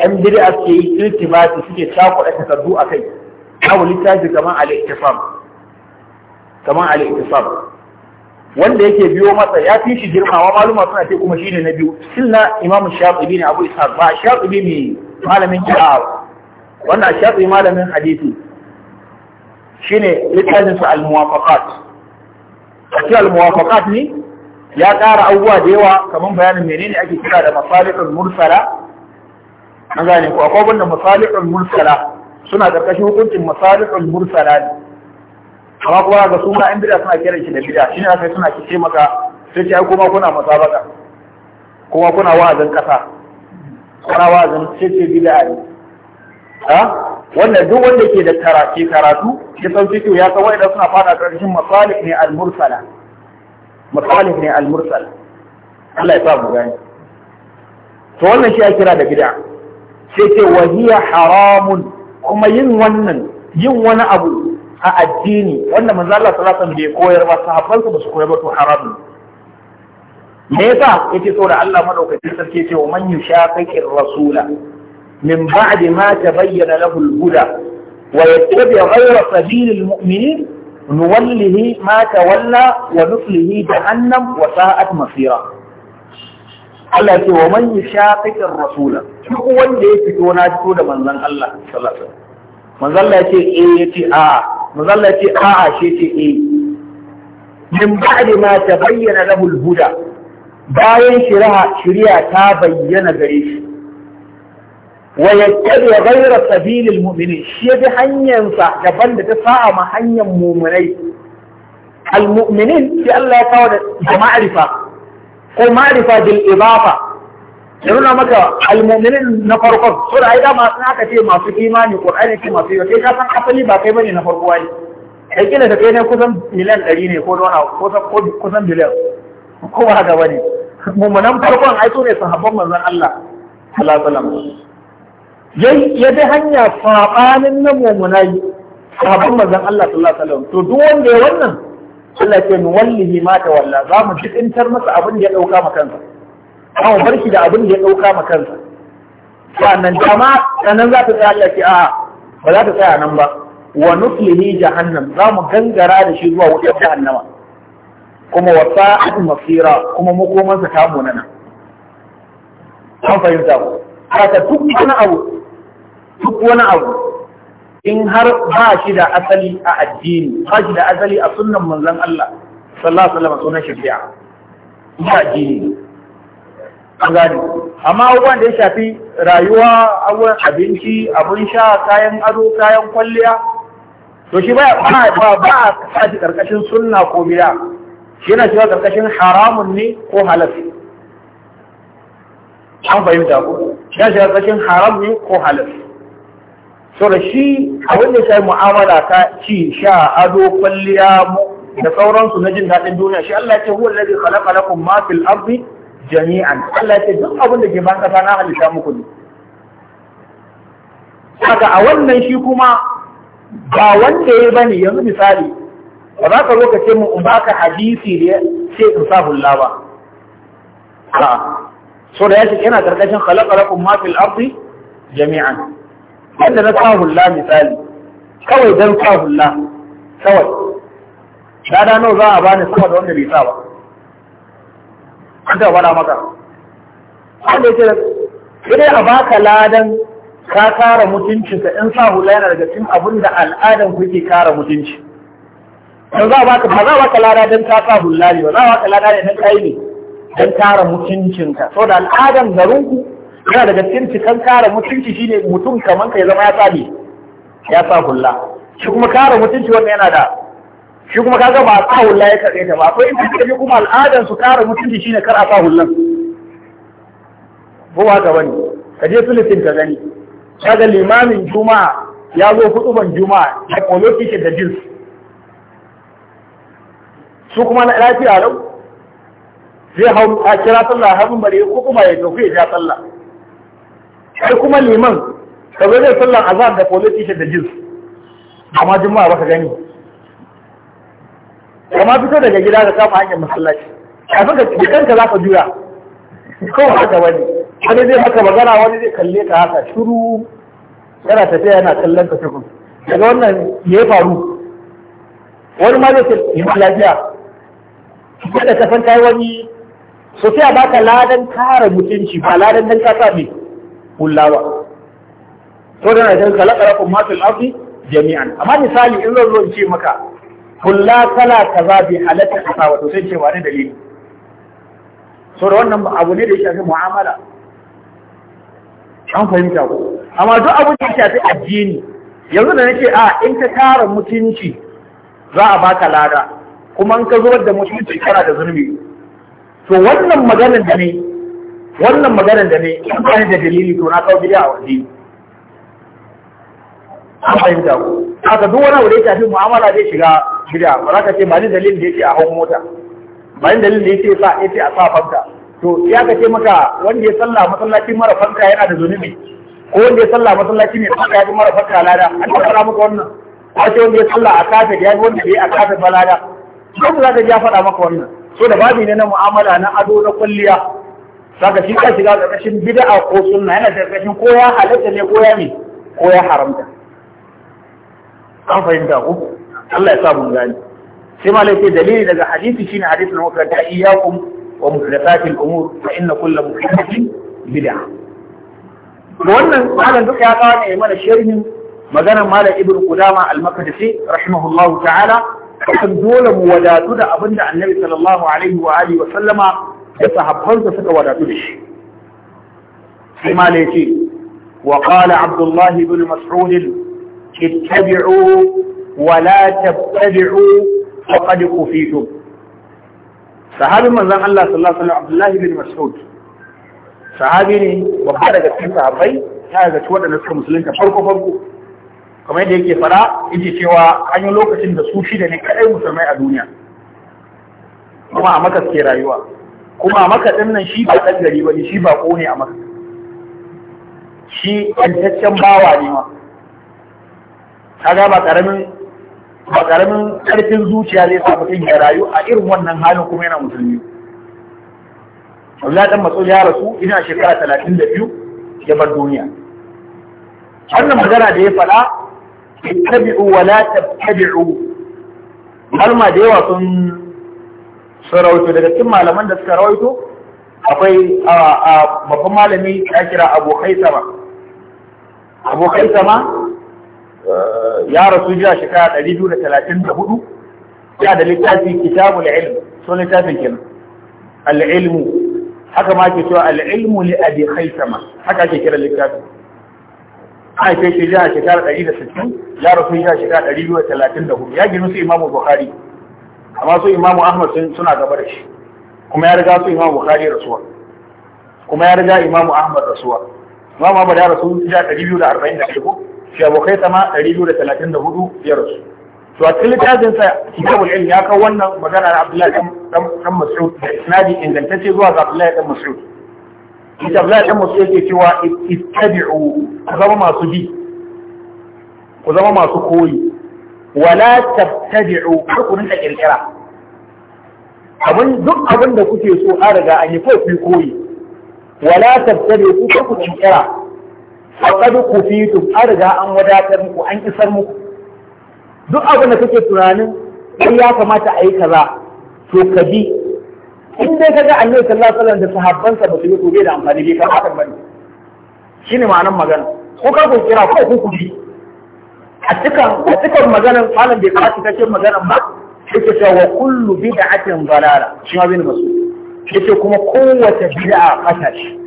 ɗan eh, bid'a ke yi iltimati suke cakuɗa takardu a kai babu littafi kamar al kamar al wanda yake biyo masa ya fi shi girmawa maluma suna ce kuma shine na biyu illa imam shafi'i ne abu ishaq ba shafi'i ne malamin qira'a wannan shafi'i malamin hadisi shine littafin sa al-muwafaqat shi al-muwafaqat ne ya ƙara abubuwa da yawa kamar bayanin menene ake kira da masalihul mursala an gane ko akwai da masalihul mursala suna karkashin hukuncin masalihul mursala ne amma kuma ga su ma yan bid'a suna kiran shi da bid'a ne sai suna kice maka sai ce ai kuma kuna musabaka kuma kuna wa'azin kasa kuna wa'azin sai ce bid'a ne ha wannan duk wanda ke da karatu karatu ya san cewa ya san wanda suna fada karshen masalih ne al-mursala masalih ne al mursal Allah ya sa mu gani to wannan shi ya kira da bid'a sai ce hiya haramun kuma yin wannan yin wani abu a addini wanda manzo Allah sallallahu alaihi wasallam bai koyar ba sahabbansa ba su koyar ba to haram me yasa yace saboda Allah madaukakin sarki yace wa man yushaqiqir rasula min ba'di ma tabayyana lahu al-huda wa yattabi ghayra sabilil mu'minin nuwallihi ma tawalla wa nuslihi jahannam wa sa'at masira Allah ce wa man yushaqiqir rasula duk wanda ya fito na fito da manzon Allah sallallahu alaihi wasallam manzon Allah yace eh yace a'a mazalla ce a'a shi ce eh min ba'di ma ta bayyana al-huda bayan shari'a shiriya ta bayyana gare shi wa yattabi ghayra sabilil mu'minin shi bi hanyarsa daban da ta sa'a ma hanyar mu'minai al-mu'minin sai Allah ya kawo da ma'rifa ko ma'rifa bil ibafa ya nuna maka almominin na farkon so da ai dama sun aka ce masu imani qur'ani ce masu yau sai ka san asali ba kai bane na farko wani ya kila da kai ne kusan miliyan ɗari ne ko dona ko kusan miliyan ko ba haka bane mummunan farkon ai su ne haɓar manzan Allah sallallahu ya bi hanya saɓanin na mummunai haɓar manzan Allah sallallahu to duk wanda ya wannan Allah ce mu wallahi ma ta walla za mu jikintar masa abin da ya ɗauka makansa. kansa an bar shi da abin da ya ɗauka ma kansa sannan dama sannan za ta tsaya Allah ce a ba za ta tsaya nan ba wa nuflihi jahannam za mu gangara da shi zuwa wutar jahannama kuma wa sa'at masira kuma makomansa ta munana an fahimta ku haka duk wani abu duk wani abu in har ba shi da asali a addini ba shi da asali a sunnan manzon Allah sallallahu alaihi wasallam sunan shafi'a ba addini an gane amma abubuwan da ya shafi rayuwa abubuwan abinci abun sha kayan ado kayan kwalliya to shi ba ba ba a sa shi karkashin sunna ko bid'a shi yana cewa karkashin haramun ne ko halal an fahimta ko Yana cewa karkashin haram ne ko halal so da shi abin da shi mu'amala ta ci sha ado kwalliya da sauransu na jin daɗin duniya shi Allah ya ce huwa allazi khalaqa lakum ma fil ardi jami'an Allah ce duk abin da ke ban kasa na halitta muku ne haka a wannan shi kuma ba wanda ya bane yanzu misali ba za ka zo ka ce mu in baka hadisi ne sai in sa hulla ba a'a so da yake yana karkashin khalaqalakum ma fil ardi jami'an Wanda na sa hulla misali kawai dan sa hulla kawai da nawa za a bani sama da wanda bai sa ba an ta faɗa maka wanda yake sai a baka ladan ka kara mutuncinka in sa hula yana daga cikin abin da al'adan ku ke kara mutunci don za a baka ba za a baka lada don ka sa hula ne ba za a baka lada ne don kai ne don kara mutuncinka da al'adan ku yana daga cikin cikan kara mutunci shine mutum kaman ka ya zama ya sa ne ya sa hula shi kuma kara mutunci wannan yana da shi kuma kaga ba sa hulla ya karɓe ta ba akwai inda suka kuma al'adar su kara mutunci shine kar a sa hullan ko ba ka bane ka je filifin ka gani kaga limamin juma'a ya zo hutuban juma'a da shi da jins su kuma na lafiya lau zai hau a kira sallah harin bari ko kuma ya tafi ya ja sallah sai kuma liman ka zo zai sallar azhar da politician da jins amma juma'a ba ka gani kama fito daga gida ka kama hanyar masallaci kafin ka da kanka za ka jura ko haka wani wani zai maka magana wani zai kalle ka haka shiru yana tafiya yana kallon ka tafi. daga wannan ya faru wani ma zai ce ina lafiya kuma da kafan kai wani so sai a baka ladan kare mutunci ba ladan dan kasa mai kullawa to da na jan kalakarafin kala kuma jami'an amma misali in zan zo in ce maka kulla kala za bi halatta ta sa to sai ce wani dalili so da wannan abu ne da ya shafi mu'amala an fahimta ko amma duk abu da ya shafi addini yanzu da nake a ah, in ka tara mutunci za a baka lada kuma in ka zubar da mutunci kana da zulmi to wannan maganar da ne wannan maganar da ne in ba da dalili to na kawo gida a wajen an fahimta ku haka duk wani abu da ya shafi mu'amala zai shiga gida ba za ka ce ba ni dalilin da yake a hau mota ba ni dalilin da yake sa yake a sa fanka to ya ka ce maka wanda ya sallah masallaci mara fanka yana da zunubi ko wanda ya sallah masallaci ne fanka ya fi mara fanka lada an ta fara maka wannan ko ce wanda ya sallah a kafe ya fi wanda bai a kafe ba lada ko za ka ji ya faɗa maka wannan so da babi ne na mu'amala na ado na kwalliya saka shi ka shiga ƙarƙashin bid'a ko sunna yana ƙarƙashin ko ya halatta ne ko ya me ko ya haramta an fahimta ku Allah ya sa mun gani sai ma laifin dalili daga hadisi shine hadisin muka ta iyyakum wa muhdathatil umur fa inna kullu muhdathatin bid'a wannan malam duka ya kawo ne mana sharhin maganar malam ibnu qudama al-makdisi rahimahullahu ta'ala kan dole mu wadatu da abin annabi sallallahu alaihi wa alihi wa sallama da sahabbansa suka wadatu da shi sai ma ne ce wa qala abdullah ibn اتبعوا ولا تتبعوا فقد كفيتم sahabin manzon Allah sallallahu alaihi Abdullahi bin Mas'ud sahabi ne babba daga cikin sahabbai ta daga cikin waɗanda suka musulunta farko farko kamar yadda yake fara yake cewa an lokacin da su shida ne kadai musulmai a duniya kuma a maka suke rayuwa kuma a maka din nan shi ba ɗan gari ba ne shi ba ne a maka shi bawa ne ma kaga ba karamin ba karamin karfin zuciya zai samu mutum ya rayu a irin wannan halin kuma yana musulmi Abdullahi dan Mas'ud ya rasu ina shekara talatin da ya bar duniya wannan magana da ya faɗa ittabi'u wa la tabtabi'u da yawa sun sarauto daga cikin malaman da suka rawaito akwai a babban malami ya kira Abu Haisama Abu Haisama ya rasu jira shekara ɗari biyu da talatin da hudu ya da littafi kitabul ilm so littafin kenan al'ilmu haka ma ke cewa al'ilmu li abi haisama haka ake kira littafin haife shi jira shekara ɗari da sittin ya rasu jira shekara ɗari biyu da talatin da hudu ya ginu su imamu bukhari amma su imamu ahmad suna gaba da shi kuma ya riga su imamu bukhari rasuwa kuma ya riga imamu ahmad rasuwa imamu ahmad ya rasu jira ɗari biyu da arba'in da ko shi abokai sama hudu ya rasu to a cikin littafin sa kitabul ilm ya kawo wannan magana na Abdullahi dan Mas'ud da isnadi ingantacce zuwa ga Abdullahi dan Mas'ud ita Abdullahi dan Mas'ud yake cewa ittabi'u ku zama masu bi ku zama masu koyi wala tabtadi'u kar ku rinka kirkira abin duk abin da kuke so a riga an yi kai ku koyi wala tabtadi'u ku kar kirkira faqad kufitum an riga an wadatar muku an isar muku duk abin da kake tunanin ai ya kamata a yi kaza to ka bi in dai kaga annabi sallallahu alaihi wasallam da sahabbansa ba su yi to da amfani bai kamata bane shine ma'anar magana ko ka ku kira ko ku ku bi a cikin a cikin maganar malam bai kamata kake maganar ba yake cewa wa kullu bid'atin dalala shi ma bin masu yake kuma kowace bid'a fata shi?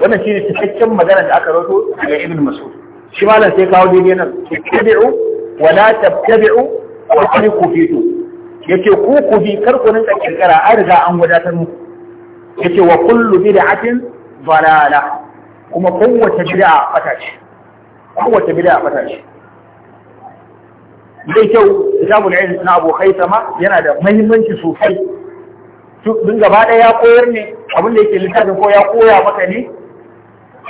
wannan shi shine cikakken magana da aka rawaito daga ibn mas'ud shi malam sai kawo daidai nan tabi'u wa la tabi'u wa kun kufitu yace ku ku bi kar ku rinka kirkira an riga an wadatar muku yace wa kullu bid'atin dalala kuma kowace bid'a fata ce kowace bid'a fata ce zai kyau kitabul ilm na Abu Khaythama yana da muhimmanci sosai duk gaba ɗaya ya koyar ne abin da yake littafin ko ya koya maka ne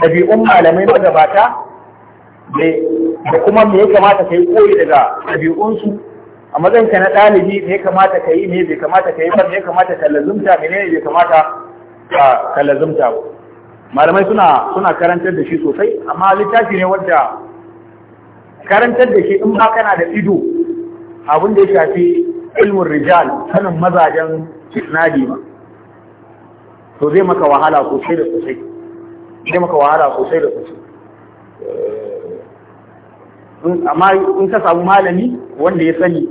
ɗabi'un malamai magabata da kuma me ya kamata ka yi koyi daga ɗabi'unsu a matsayinka na ɗalibi me ya kamata ka yi me bai kamata ka yi ba me ya kamata ka lazumta me ne bai kamata ka lazumta ba malamai suna suna karantar da shi sosai amma littafi ne wanda karantar da shi in ba kana da ido abin da ya shafi ilmin rijal sanin mazajen nadi ba to zai maka wahala sosai da sosai sai maka wahala sosai da sosai eh, amma in ka samu malami wanda ya sani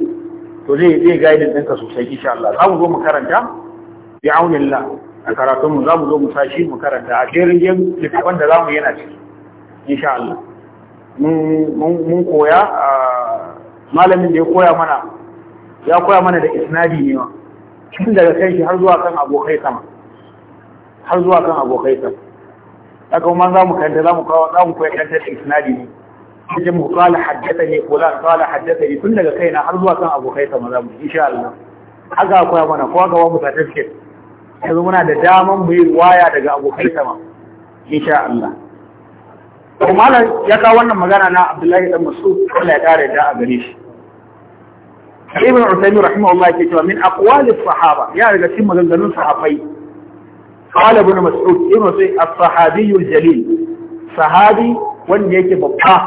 to zai zai guidance ɗinka sosai insha Allah za mu zo mu karanta bi aunillah a karatun mu za mu zo mu sashi mu karanta a jerin yin littafin da za mu yana ciki insha Allah mun koya malamin da ya koya mana ya koya mana da isnadi ne wa tun daga kan shi har zuwa kan abokai sama har zuwa kan abokai sama haka kuma za mu kanta za mu kawo za mu koyi kanta da isnadi ne sai mu qala haddathani fulan qala ne tun daga kaina har zuwa kan abokai sama za mu insha Allah haka akwai mana ko ga mu certificate yanzu muna da daman mu yi waya daga abokai sama insha Allah to malam ya kawo wannan magana na Abdullahi dan Mas'ud Allah ya kare da a gare shi Ibn Uthaymeen rahimahullah yake cewa min aqwali sahaba ya daga cikin maganganun sahabbai قال ابن مسعود ابن مسعود الصحابي الجليل صحابي واللي yake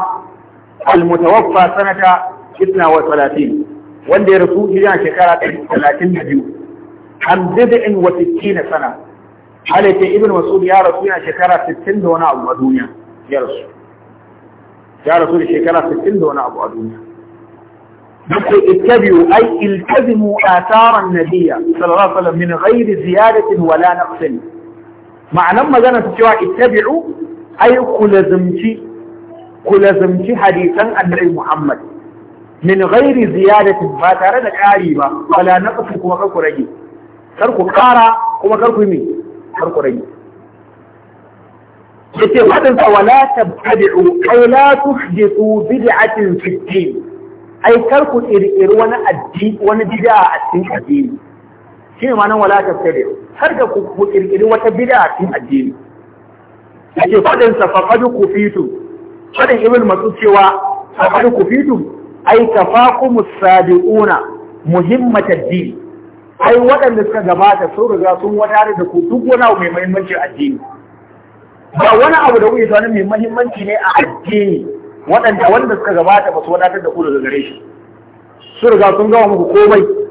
المتوفى سنه 32 واللي رسول الى شكاره 32 عن جد ان و سنه قال يك ابن مسعود يا رسول الى شكاره 60 دون ابو الدنيا يا رسول يا رسول شكاره 60 دون ابو الدنيا اتبعوا اي التزموا اثار النبي صلى الله عليه وسلم من غير زياده ولا نقص ma'anan magana su cewa ittabi'u ai ku kulazumci hadisan annabi Muhammad min ghairi ziyadatin ba tare da ƙari ba wala naqsu kuma kar ku rage kar ku ƙara kuma kar ku yi kar ku rage yace wadin sa wala tabtadi'u ai la tuhdithu bid'atin fi din ai kar ku kirkiri wani addini wani bid'a a cikin addini shine ma'anar wala tabtadi'u har da ku kirkiri wata bid'a a cikin addini Ake fadin sa faqad kufitu fadin ibn mas'ud cewa faqad kufitu ai kafakum as-sabiquna muhimmat ad-din ai waɗanda suka gabata sun riga sun wadare da ku duk wani abu mai muhimmanci addini ba wani abu da kuke tsanin mai muhimmanci ne a addini waɗanda wanda suka gabata ba su wadatar da ku daga gare shi sun riga sun gawa muku komai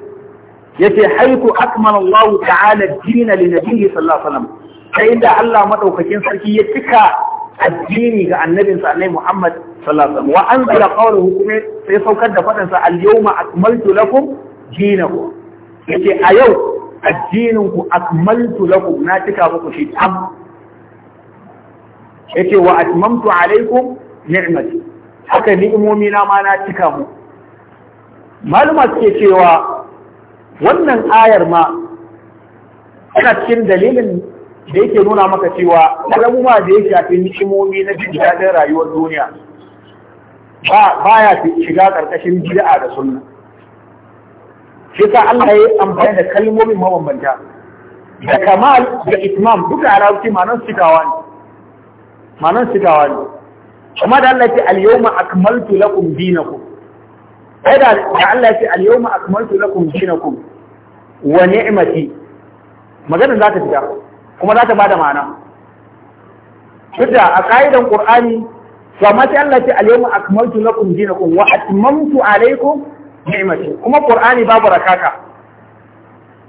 yace haiku akmala Allah ta'ala dina li nabiyyi sallallahu alaihi wasallam sai da Allah madaukakin sarki ya cika addini ga annabinsa annabi Muhammad sallallahu alaihi wasallam wa anzala qawluhu kuma sai saukar da fadansa al-yawma akmaltu lakum dinakum yace a yau addinin ku akmaltu lakum na cika muku shi am yace wa atmamtu alaikum ni'mati haka ni'imomi na ma na cika mu maluma suke cewa wannan ayar ma yana cikin dalilin da yake nuna maka cewa ma da ya shafi ni'imomi na jin daɗin rayuwar duniya ba ya shiga ƙarƙashin bid'a da sunna shi sa Allah ya amfani da kalmomin mabambanta da kamal da itmam duka a larabci ma'anar sitawa ne ma'anar sitawa ne kuma da Allah ya ce al-yawma akmaltu lakum dinakum da Allah ya ce al akmaltu lakum dinakum wa ni'mati maganar za ta fita kuma za ta bada ma'ana tunda a ka'idan qur'ani to ma ta Allah ta alayhi akmaltu lakum dinakum wa atmamtu alaykum ni'mati kuma qur'ani babu rakaka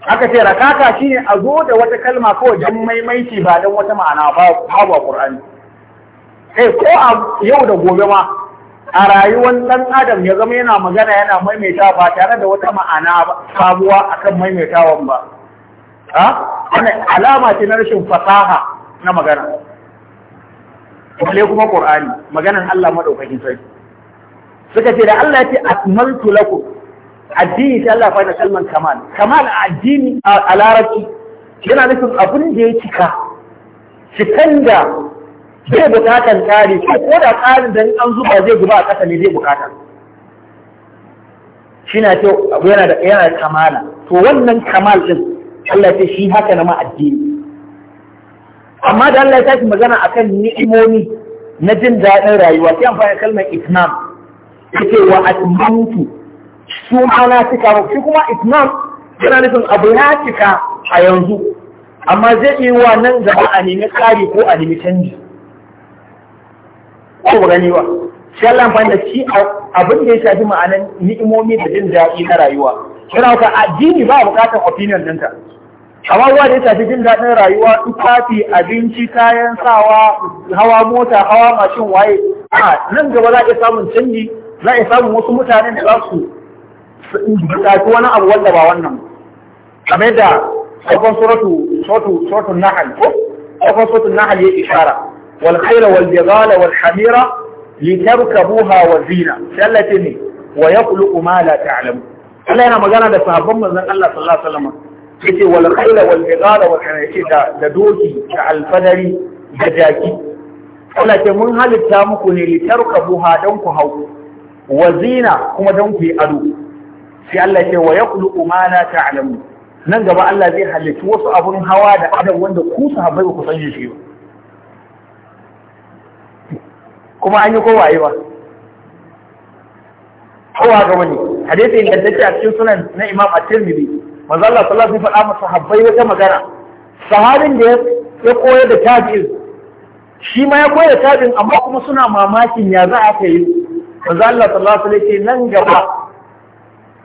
aka ce rakaka shine a zo da wata kalma kawai dan maimaici ba dan wata ma'ana ba ba qur'ani eh ko a yau da gobe ma a rayuwar ɗan adam ya zama yana magana yana maimaita ba tare da wata ma'ana sabuwa akan maimaitawan ba ha alama ce na rashin fasaha na magana wale kuma ƙorani maganan Allah maɗaukakin sarki suka ce da Allah ya ce asmaltu addini ta Allah fa kalman kamal kamal a addini a larabci yana nufin abin da ya cika cikan da zai bukatan ƙari ko da ƙarin da an zuba zai zuba a ƙasa ne zai bukata shi na ce abu yana da yana da kamala to wannan kamal ɗin Allah ce shi haka na ma'addini amma da Allah ya tafi magana akan ni'imomi na jin daɗin rayuwa sai amfani kalmar itnam yake wa atmamtu su ma na cika shi kuma itnam yana nufin abu ya cika a yanzu amma zai yi wa nan gaba a nemi tsari ko a nemi canji ko ba gani ba shi Allah amfani da shi abin da ya shafi ma'anan ni'imomi da jin daɗi na rayuwa yana ka addini ba buƙatar opinion ɗinka amma ruwa da ya shafi jin daɗin rayuwa tufafi abinci kayan sawa hawa mota hawa mashin waye a nan gaba za a samun canji za a samun wasu mutanen da za su buƙaci wani abu wanda ba wannan kamar da farkon suratu suratu suratu nahl ko farkon suratu ya ishara wal khayra wal bighala wal hamira litarkabuha ne wa yakhluqu ma la ta'lamu Allah magana da sahabban manzon Allah sallallahu alaihi wasallam yace wal da doki da alfadari da jaki Allah mun halitta muku ne litarkabuha dan ku hau kuma dan ado sai Allah nan gaba Allah zai halitta wasu abun hawa da adam wanda ku sahabbai ba ku san shi ba kuma an yi kowa yi ba kowa ga wani hadisi ingantacce a cikin sunan na imam a tirmidhi manzo Allah sallallahu alaihi wasallam sahabbai wata magana sahabin da ya koyar da tabi'in shi ma ya koyar da tabi'in amma kuma suna mamakin ya za a kai manzo Allah sallallahu alaihi wasallam nan gaba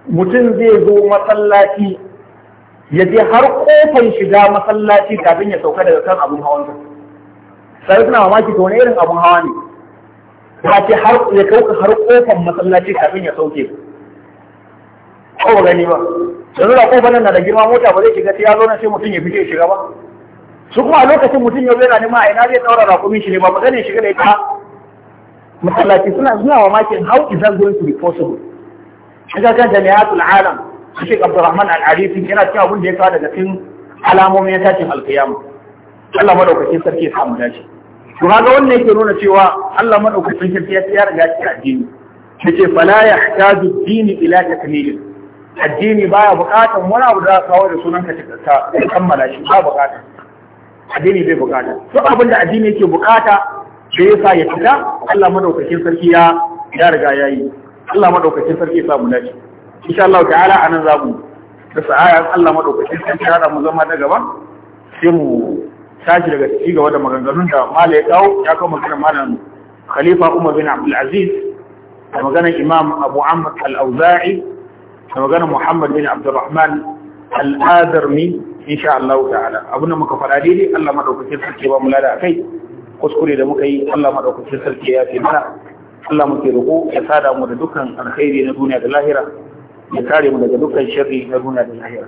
mutum zai zo masallaci ya je har kofar shiga masallaci kafin ya sauka daga kan abun hawan sa sai suna mamaki to wani irin abun hawa ne ka ce har ya kauka har kofan masallaci kafin ya sauke ku ko ba gani ba yanzu da kofan nan na da girma mota ba zai shiga sai ya zo sai mutum ya fice shiga ba su kuma a lokacin mutum ya zai yana ma a ina zai daura rakumin shi ne ba maganin shiga da ita masallaci suna wa mamakin how is that going to be possible shiga kan jami'atul alam Sheikh Abdulrahman Al-Arifi yana cewa abin da ya kawo daga cikin alamomin tashin alkiyama Allah madaukakin sarki ya samu dace to kaga wannan yake nuna cewa Allah madaukakin sarki ya tsaya riga cikin addini yace fala yahtaju dini ila takmil addini baya bukatan wani abu da kawo da sunan ka kammala shi ba bukata addini bai bukata to abin da addini yake bukata da yasa ya fita Allah madaukakin sarki ya ya riga yayi Allah madaukakin sarki ya sa mu dace insha Allah ta'ala anan zamu da sa'ayan Allah madaukakin sarki ya mu zama da gaba sai mu tashi daga ci gaba da maganganun da mala ya kawo ya kawo maganar khalifa umar bin Abdulaziz, da maganar imam abu amr al-auza'i da maganar muhammad bin abdurrahman al-azarmi insha Allah ta'ala abin da muka faɗa daidai Allah madaukakin sarki ba mu lada kai, kuskure da muka yi Allah madaukakin sarki ya fi mana Allah muke roƙo ya sada mu da dukkan alkhairi na duniya da lahira ya kare mu daga dukkan sharri na duniya da lahira